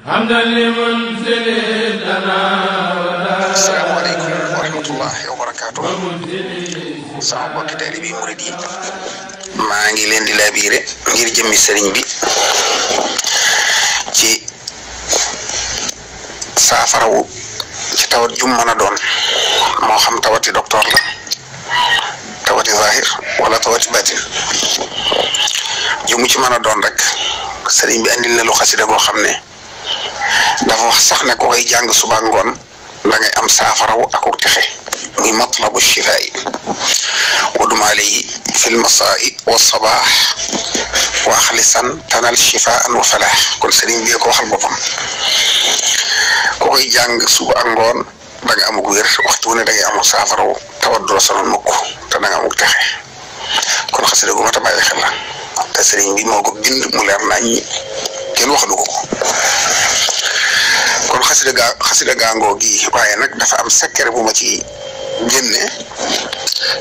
asalaamaaleykum wa rahmatullahi wa barakaatu. sama mbokki taalibe yi murid yi maa ngi leen di laabiire ngir jëmmi sëriñ bi ci saafarawu ci tawat jum mën a doon moo xam tawati docteur la tawati zahir wala tawati batin ju ci mën a doon rek sëriñ bi andil na lu xasida boo xam ne. dafa wax sax ne ku koy jàng suba ngoon da ngay am saafaraw akuk texe muy matlabu shifaai wadum alayhi fi lmasaai walsabaax wa axlisan tanal shifaan wa falaax kon sëriñ bi ko waxal boppam ku koy jàng suba ak ngoon da nga amuk wér waxtu wu ne da ngay amuk saafaraw tawat du la sonal mukk te da nga amuk texe kon xasida gu mat a bàyyi xel la te sëriñ bi moo ko bind mu leer nañ kenn wax du ko kon xasida gaa xasida gaangoo gi waye nak dafa am secret bu ma ci genné ya.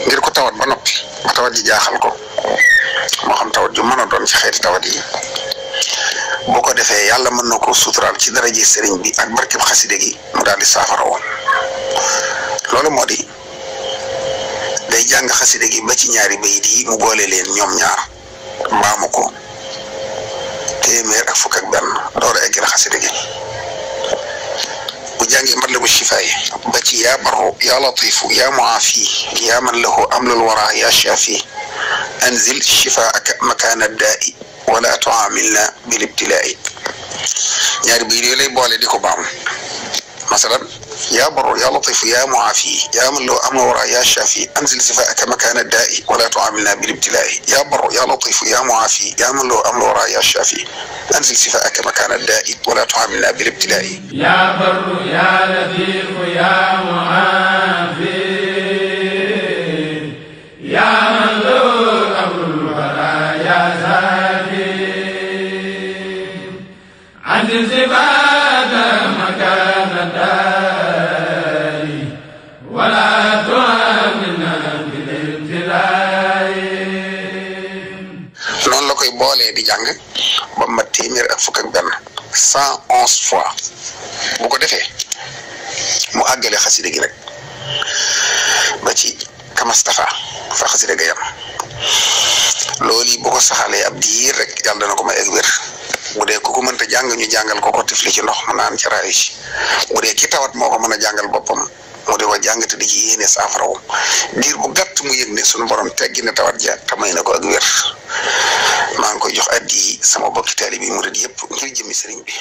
ngir ko tawat ba nopi ba tawat di jaxal ko mo xam tawat ju mëna doon ci xeeti tawat yi boo ko defee yàlla ya, mën ko sutural ci dara ji sëriñ bi ak gi mu dal di safara won lolu modi day jang xasida gi ba ci ñaari bay di mu bolé len ñom ñaar mamako ko ak fuk ak ben door gi المعلم الشفاء بكي يا بر يا لطيف يا معافي يا من له أمل الورى يا شافي أنزل شفاءك مكان الداء ولا تعاملنا بالابتلاء يا ربي لي بولي boole di مثلا يا بر يا لطيف يا معافي يا من له امر يا شافي انزل شفاءك مكان الداء ولا تعاملنا بالابتلاء يا بر يا لطيف يا معافي يا من له امر يا شافي انزل شفاءك مكان الداء ولا تعاملنا بالابتلاء يا بر يا لطيف يا معافي يا من له امر يا شافي انزل شفاءك loolee di jang ba ma témir ak fukk ak benn cent fois bu ko défé mu aggalé khassida gi rek ba ci kamastafa fa khassida ga yam loli bu ko saxalé ab diir rek yalla dana ko may ak wér bu dee ko ko ta jang ñu jangal ko ko tifli ci ndox manan ci raay ci bu dé ki tawat moko mëna jangal bopam mu di wa jàng te di ci yene safraw diir bu gatt mu yegne sunu borom teggina tawat ja tamay na ko ak wér man wo bokki taalibe yi murid yëpp ngir